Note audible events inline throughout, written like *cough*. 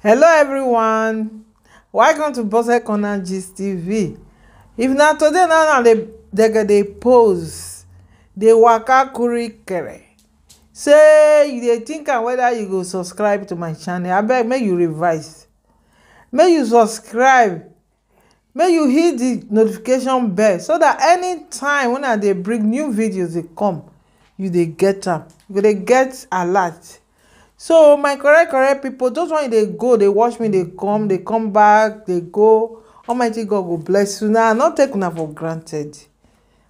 hello everyone welcome to bose corner gist tv if na today na na dem go dey pose dey waka kurikere say you dey think am whether you go subscribe to my channel abeg make you revise make you subscribe make you hit the notification bell so dat anytime when i dey bring new videos dey come you dey get am you go dey get alert so my correct correct pipo those one dey go dey watch me dey come dey come back dey go almighty god go bless you una i no take una for granted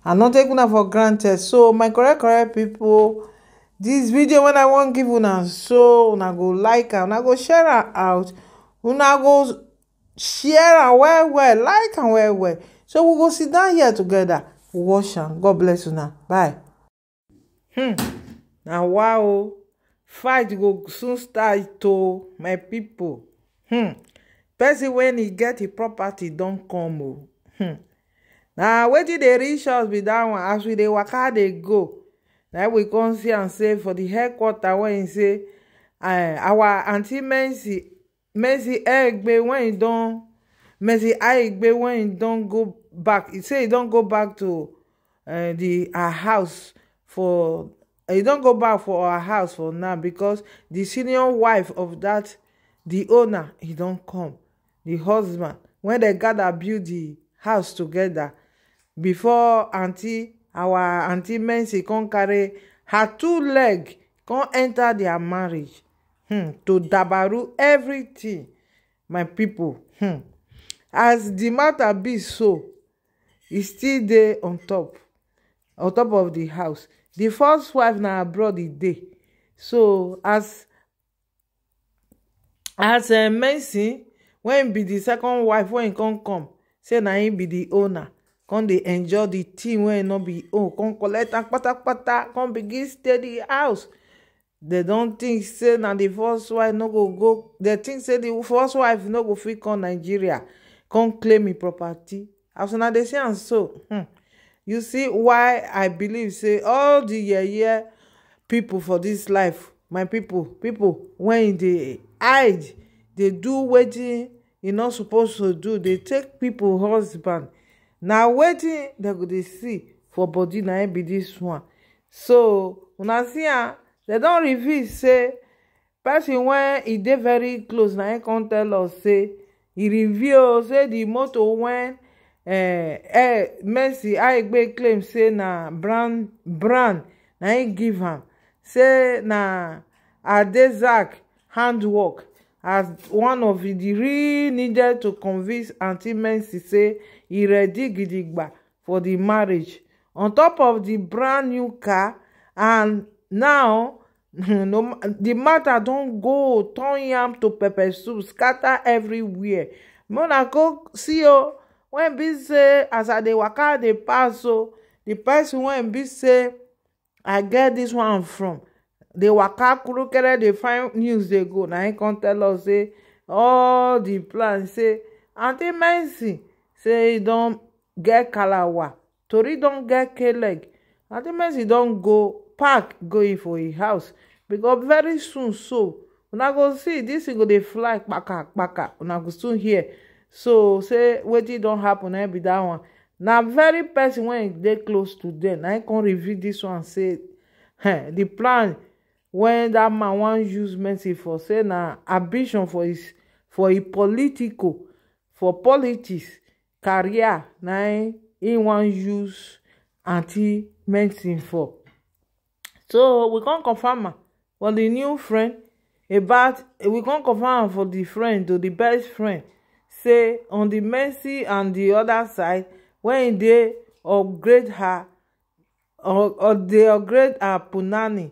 i no take una for granted so my correct correct people, this video wey i wan give una so una go like am una go share am out una go share am well well like am well well so we go sit down here together, watch am god bless una bye hmm Now wow fight go soon start to my pipo hmm person wen e get e property don come o oh. hmm na wetin dey reach us be dat one as we dey waka dey go na we come see am say for the headquarter wen he say eh, our aunty mercy mercy egbe wen he don mercy aigbe wen he don go back He say he don go back to eh, the her house for e don't go back for our house for now because the senior wife of that the owner he don't come The husband wen dem gather build the house together before auntie our auntie mensi come carry her two leg come enter their marriage hmm, to dabaru everything my people. hmm. as the matter be so he still there on top on top of the house the first wife now abroad the day. so as as eh, mercy when be di second wife wen e come come say now him be the owner come they enjoy the thing wey e no be own come collect am kpatakpata come begin stay the house They don't think say now the first wife no go go They think say the first wife no go free come nigeria come claim the property as now they say and so hmm you see why i believe say all di yeye people for this life my people, people wen e dey hide dey do wetin e not suppose to do dey take people husband na wetin dem go dey see for body na be this one so una see am dem don reveal say person wen e dey very close na im come tell us say e reveal say the motor wen Eh, eh, mercy aigbe claim say na brand brand na im give am say na adezak handwork as one of the real needed to convince aunty mercy say e ready gidigba for the marriage on top of the brand new car and now *laughs* the matter don go turn yam to pepper soup scatter everywhere monaco see ceo wen be say as i dey waka dey pass so oh, di person wen be say i get this one from dey waka kurukere dey find news dey go na im come tell us say all di plan say aunty mercy say e don get kalawa tori don get k leg aunty mercy don go park going for im house because very soon so una go see this thing go dey fly kpaka kpaka una go soon hear so say what it don't happen I be that one Now very person when they close to them, I can review this one say eh, di plan when that man wan use mercy for say na ambition for his for a political for politics career Now he im use anti mercy for so we come confirm for the new friend about we come confirm for the friend to the best friend say on the mercy and the other side when they upgrade her or or they upgrade her punani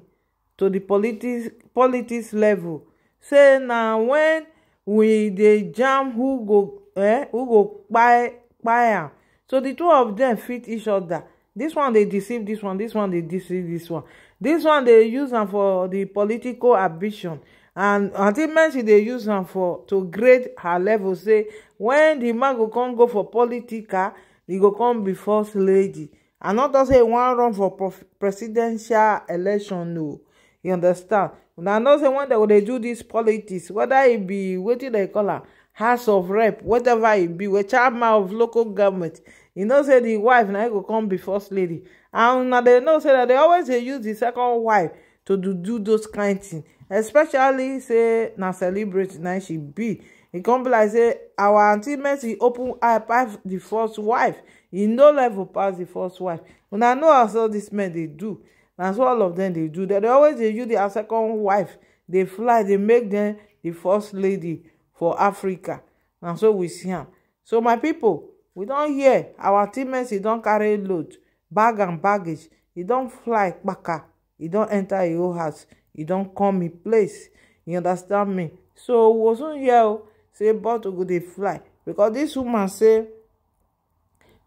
to the politics politics level say na when we dey jam who go eh who go kpai am so the two of them fit each other. This one dey deceive This one this one dey deceive This one this one dey use am for the political ambition and aunty mercy dey use am for to grade her level say when the man go come go for politica he go come be first lady and not just say e wan run for presidential election no you understand una know say wen dem go dey do this politics whether e be wetin dem call am house of rep whatever e be wey chairman of local government you know say di wife na go come be first lady and una dey know say dem dey always dey use the second wife to do do those kind things especially say na celebrate na she be e come be like say our aunty mercy open eye pass the first wife e no level pass the first wife una know as all dis men dey do na so all of them dey do They dey always dey use dia second wife dey fly dey make them the first lady for africa na so we see am so my people, we don hear our team mercy don carry load bag and baggage e don fly kpaka e don enter e own house e don come me place you understand me so wasn't here. Oh, say to go dey fly because this woman say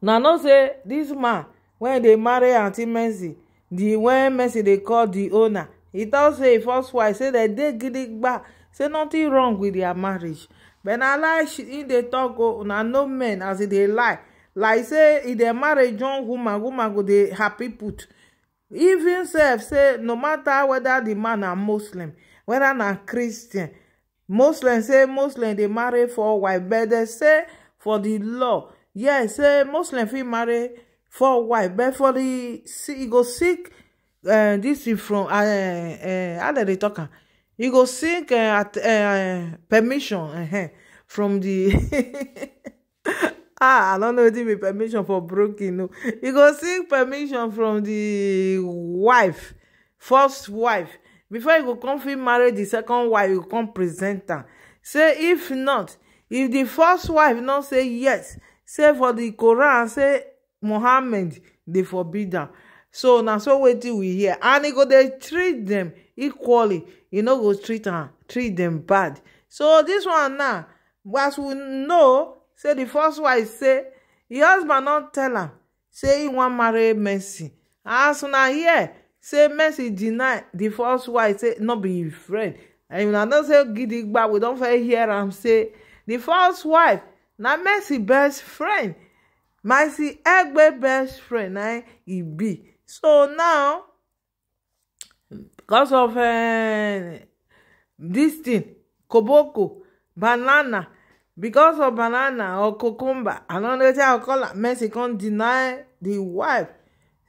na know say this man when they marry auntie mercy the wen mercy they call the owner He tok say e first wife say they dem it back. say nothing wrong with their marriage but na lie she dey tok o oh, na no men as e dey lie like say if they marry young woman woman go dey happy put even sef say no matter whether the man na muslim whether na christian muslim say muslim dey marry four wife but dem say for the law yes say muslim fit marry four wife but for di e go seek dis eh, is from eh, eh, how dem dey talk am e go seek permission from the. *laughs* ah i don't know wetin be permission for broken o you go seek permission from the wife first wife before you go come fit marry di second wife you come present am say if not if the first wife not say yes say for the quran say muhammad dey forbid am so na so wetin we hear and e go dey treat them equally e no go treat am treat them bad so this one now as we know say the first wife say di husband don tell am say he wan marry mercy as una hear say mercy deny the first wife say no be him friend and una know say gidigba we don first hear am say the first wife na mercy best friend mercy egbe best friend na he be so now because of eh, this thing koboko banana Because of banana or cucumber and onerecha alcohol mercy come deny the wife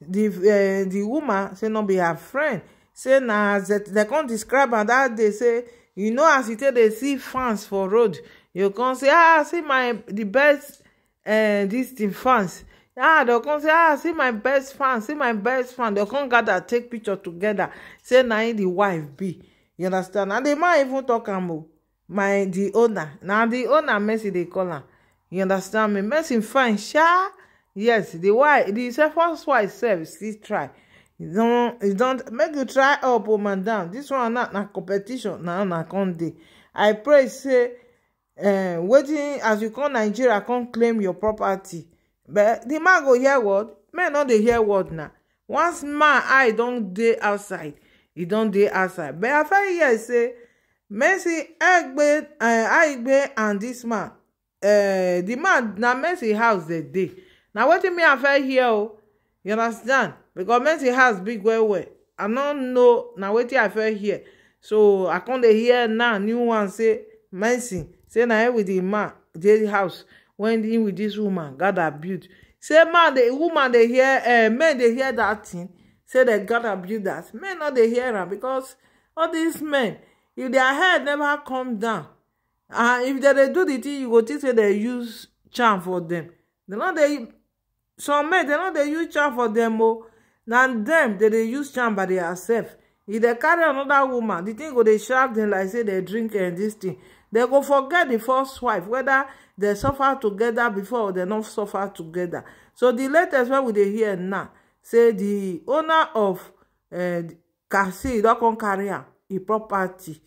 the eh, the woman say no be her friend say na that they can't describe am that they say you know as you tell, they see fans for road you come say ah see my the best eh, This the fans ah they come say ah see my best fan see my best fan dem come gather take picture together say na the wife be you understand and di man even talk am o my the owner now the owner mercy they call her. you understand me mercy fine sha yes The why? The first wife sef still try you don't make you try up o oh, madam This one not na competition Now una come dey i pray say uh, eh, wetin as you call nigeria can't claim your property but the man go hear word men not dey hear word now. once man eye don't dey outside He don't dey outside but i fit hear say mercy egbe eh, aigbe and this man uh, eh, di man na mercy house dey dey na wetin me i hear o you understand because mercy house big well well i no know na wetin i fit hear so i come dey hear now new one say mercy say na him with the man dey house wen him with this woman gather build say man the woman dey hear uh, men dey hear that thing say dem gather build That men no dey hear am because all these men if their head never come down and uh, if they dey do the thing you go think say they use charm for them. they some men dem no they use charm for them, oh, na them they they use charm by themselves. if they carry another woman the thing go they shock them like say they drink and eh, dis thing They go forget the first wife whether they suffer together before or they not suffer together. so the latest wey we they hear now say the owner of kassi eh, don come carry am e property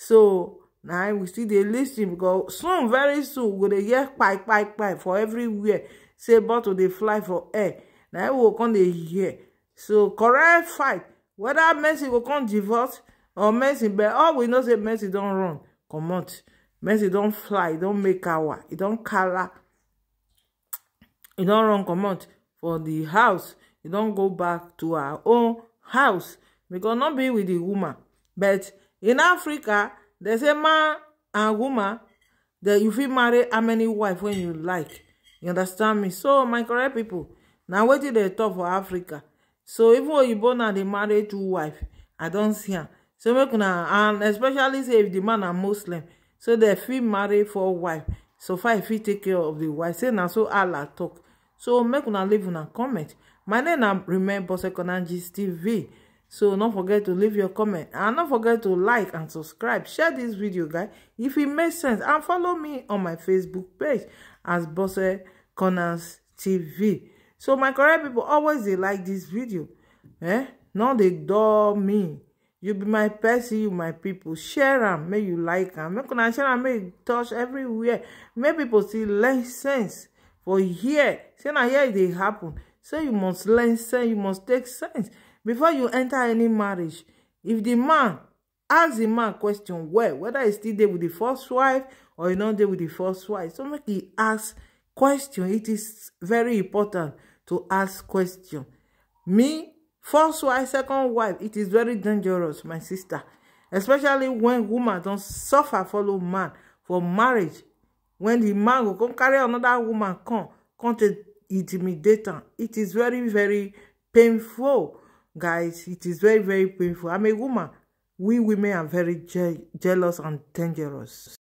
so now we still dey listen because soon very soon we go dey hear kpai kpai kpai for everywhere say bottle dey fly for air na we go come dey hear so correct fight whether mercy go come divorce or mercy but all we know say mercy don run comot mercy don fly e don make hour e don kala e don run comot for the house e don go back to her own house because no be with the woman but in africa there's a man and woman that you fit marry how many wife when you like you understand me so my correct now na did they talk for africa so even you born and they marry two wife i don't see am so make una and especially say if the man are muslim so they fit marry four wife so far e take care of the wife say now so allah talk. so make una leave una comment my name na remember second gist tv so don't forget to leave your comment and don't forget to like and subscribe share this video guys if it makes sense and follow me on my facebook page as Bose Corners TV so my correct people always they like this video eh Now they adore me you be my person you my people share am make you like am make una share am make you touch everywhere make people see less sense for here see now here they e happen so you must learn sense you must take sense before you enter any marriage if the man asks the man question well whether e still there with the first wife or e not there with the first wife so make e ask question it is very important to ask question me first wife second wife it is very dangerous my sister especially when woman don't suffer follow man for marriage When the man go come carry another woman come come to intimidate am it is very very painful guys it is very very painful i'm a woman we women are very je jealous and dangerous